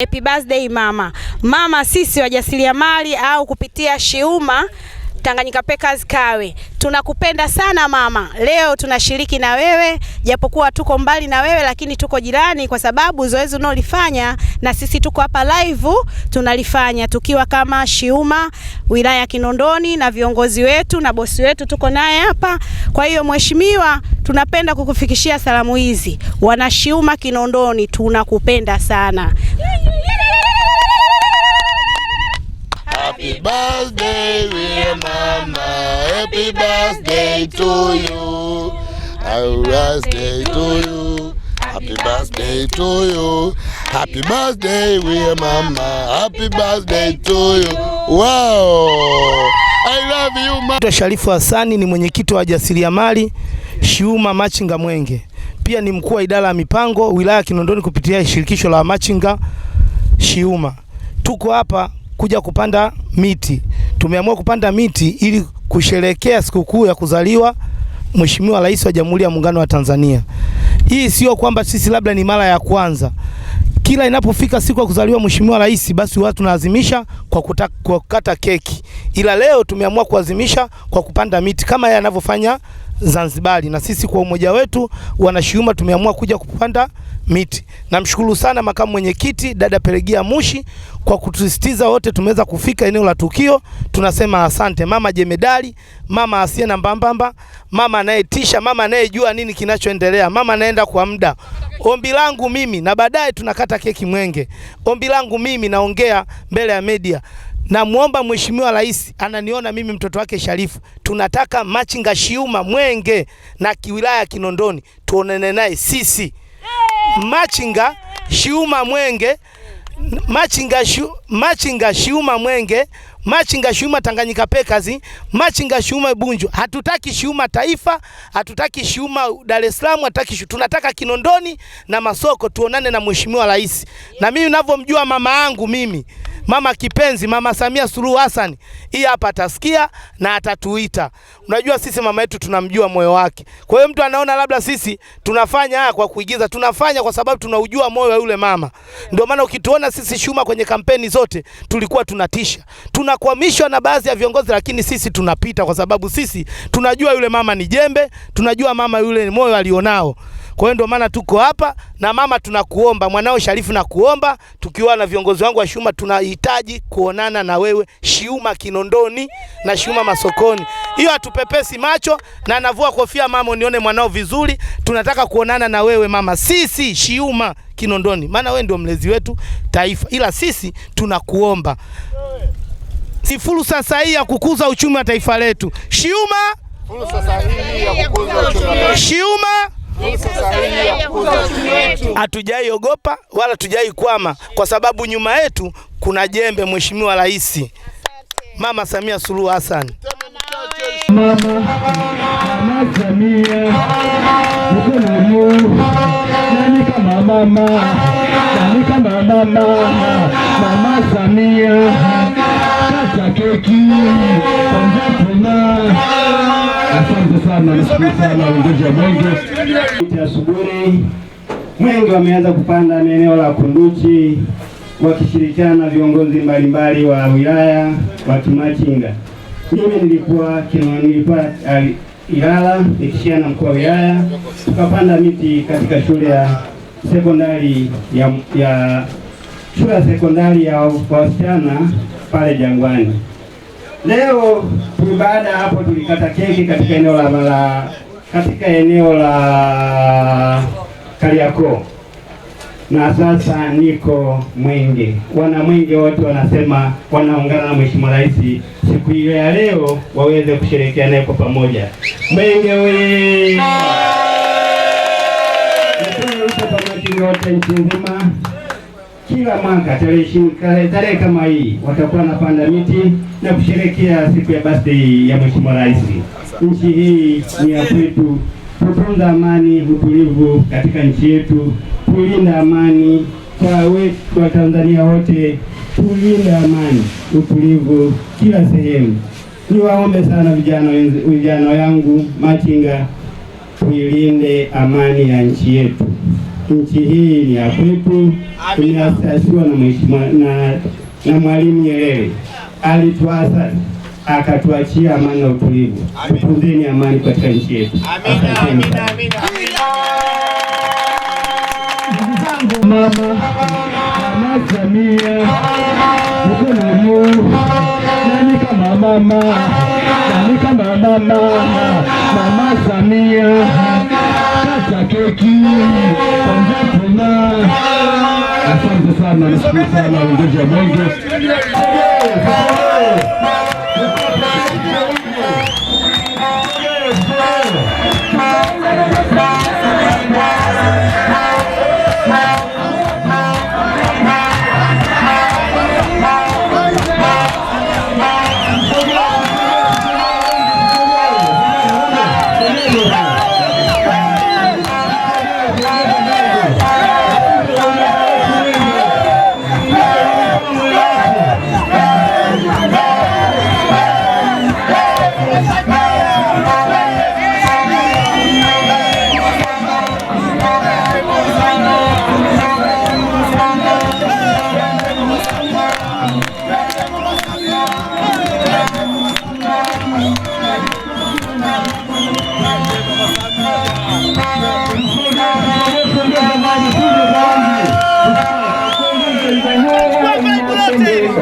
Happy birthday mama. Mama, sisi wajasiriamali au kupitia Shiuma Tanganyika Packers Kawe tunakupenda sana mama. Leo tunashiriki na wewe, japokuwa tuko mbali na wewe, lakini tuko jirani, kwa sababu zoezi unaolifanya na sisi tuko hapa live tunalifanya tukiwa kama Shiuma wilaya ya Kinondoni na viongozi wetu na bosi wetu tuko naye hapa. Kwa hiyo mheshimiwa, tunapenda kukufikishia salamu hizi. Wanashiuma Kinondoni tunakupenda sana. Happy birthday, dear mama. Happy birthday to you. Happy birthday to you. Happy birthday to you. Happy birthday, dear mama. Happy birthday to you. Wow. I love you mama. Sharifu Hassani ni mwenyekiti wa wajasiriamali Shiuma Machinga Mwenge. Pia ni mkuu wa idara ya mipango wilaya Kinondoni kupitia shirikisho la Machinga Shiuma. Tuko hapa kuja kupanda miti. Tumeamua kupanda miti ili kusherekea sikukuu ya kuzaliwa Mheshimiwa Rais wa Jamhuri ya Muungano wa Tanzania. Hii sio kwamba sisi labda ni mara ya kwanza. Kila inapofika siku ya kuzaliwa Mheshimiwa Rais, basi watu tunaadhimisha kwa, kukata keki, ila leo tumeamua kuazimisha kwa kupanda miti kama yeye anavyofanya Zanzibari, na sisi kwa umoja wetu wanashiuma tumeamua kuja kupanda miti. Namshukuru sana makamu mwenyekiti dada peregia Mushi kwa kutusisitiza, wote tumeweza kufika eneo la tukio. Tunasema asante mama jemedali, mama asiye na mbambamba, mama anayetisha, mama anayejua nini kinachoendelea, mama anaenda kwa muda. Ombi langu mimi, na baadaye tunakata keki Mwenge, ombi langu mimi naongea mbele ya media Namwomba Mheshimiwa Rais, ananiona mimi mtoto wake Sharifu, tunataka Machinga Shiuma Mwenge na kiwilaya Kinondoni tuonane naye sisi. Machinga Shiuma Mwenge, Machinga shu, Machinga Shiuma Mwenge, Machinga Shiuma Tanganyika Pekazi Machinga Shiuma Bunju. Hatutaki Shiuma Taifa, hatutaki Shiuma Dar es Salaam, hatutaki tunataka Kinondoni na Masoko tuonane na Mheshimiwa Rais. Na mimi ninavyomjua mama yangu mimi mama kipenzi, mama Samia Suluhu Hassan, hii hapa atasikia na atatuita. Unajua sisi mama yetu tunamjua moyo wake. Kwa hiyo mtu anaona labda sisi tunafanya haya kwa kuigiza, tunafanya kwa sababu tunaujua moyo wa yule mama. Ndio maana ukituona sisi Shuma kwenye kampeni zote tulikuwa tunatisha, tunakwamishwa na baadhi ya viongozi, lakini sisi tunapita kwa sababu sisi tunajua yule mama ni jembe, tunajua mama yule moyo alionao. Kwa hiyo ndio maana tuko hapa na mama, tunakuomba mwanao Sharifu, nakuomba tukiwa na viongozi wangu wa Shiuma, tunahitaji kuonana na wewe Shiuma Kinondoni na Shiuma Masokoni. Hiyo hatupepesi macho na navua kofia mama, unione mwanao vizuri. Tunataka kuonana na wewe mama, sisi Shiuma Kinondoni, maana wewe ndio mlezi wetu taifa, ila sisi tunakuomba si fursa sahihi ya kukuza uchumi wa taifa letu Shiuma, fursa sahihi ya kukuza uchumi wa taifa. Shiuma Hatujaiogopa wala tujai kwama, kwa sababu nyuma yetu kuna jembe. Mheshimiwa Rais Mama Samia Suluhu Hassan, Mama Samia, kata keki onja Asante sana, nashukuru sana wenzetu wa Bongo. Asubuhi mwengi wameanza kupanda eneo la Kunduchi wakishirikiana na viongozi mbalimbali wa wilaya wa Kimachinga. Mimi nilikuwa nilikuwa uh, Ilala nikishia na mkuu wa wilaya, tukapanda miti katika shule ya sekondari ya, ya shule ya sekondari ya wasichana pale Jangwani. Leo baada ya hapo tulikata keki katika eneo la mala, katika eneo la Kariakoo na sasa niko Mwenge. Wana Mwenge wote wanasema wanaungana na Mheshimiwa Rais siku hiyo ya leo waweze kusherehekea naye kwa pamoja. Mwenge wee! Wote nchi nzima kila mwaka tarehe kama hii watakuwa napanda miti na kusherekea siku ya birthday ya Mheshimiwa Rais. Nchi hii ni ya kwetu, tutunza amani, utulivu katika nchi yetu, tulinda amani kwa wetu wa Tanzania wote, tulinda amani, utulivu kila sehemu. Niwaombe sana vijana vijana yangu machinga, tuilinde amani ya nchi yetu nchi hii ni ya kwetu. Tumeasisiwa na mheshimiwa na, na Mwalimu Nyerere alituasa akatuachia amani na utulivu. Tutunzeni amani katika nchi yetu. Mama Samia nani kama mama nani kama mama Mama Samia cha keki asante sana, nashukuru sana uongozi wa Bongo.